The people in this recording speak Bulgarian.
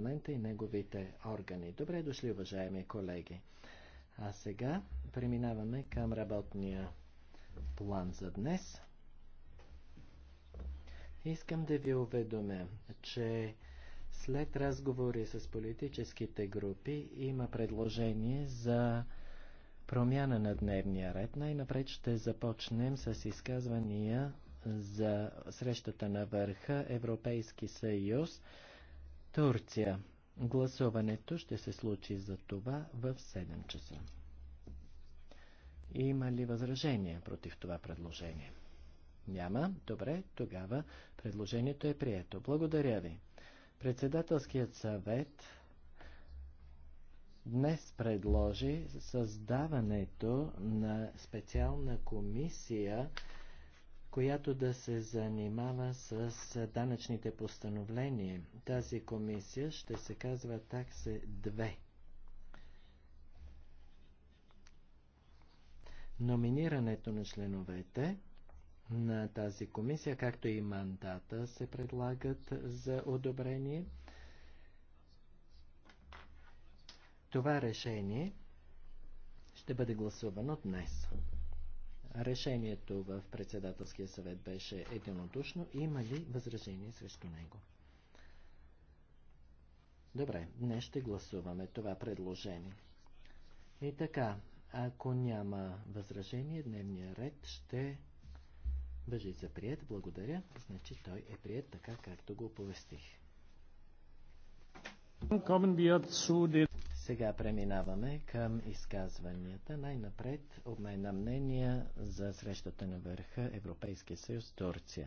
момента и неговите органи. Добре дошли, уважаеми колеги. А сега преминаваме към работния план за днес. Искам да ви уведомя, че след разговори с политическите групи има предложение за промяна на дневния ред. Най-напред ще започнем с изказвания за срещата на върха Европейски съюз Турция. Гласуването ще се случи за това в 7 часа. Има ли възражение против това предложение? Няма. Добре, тогава предложението е прието. Благодаря ви. Председателският съвет днес предложи създаването на специална комисия която да се занимава с данъчните постановления. Тази комисия ще се казва таксе 2. Номинирането на членовете на тази комисия, както и мандата, се предлагат за одобрение. Това решение ще бъде гласувано днес. Решението в председателския съвет беше единодушно. Има ли възражение срещу него? Добре, днес ще гласуваме това предложение. И така, ако няма възражение, дневния ред ще бъжи за прият. Благодаря. Значи той е прият така, както го оповестих. Сега преминаваме към изказванията. Най-напред обмена мнения за срещата на върха Европейския съюз Турция.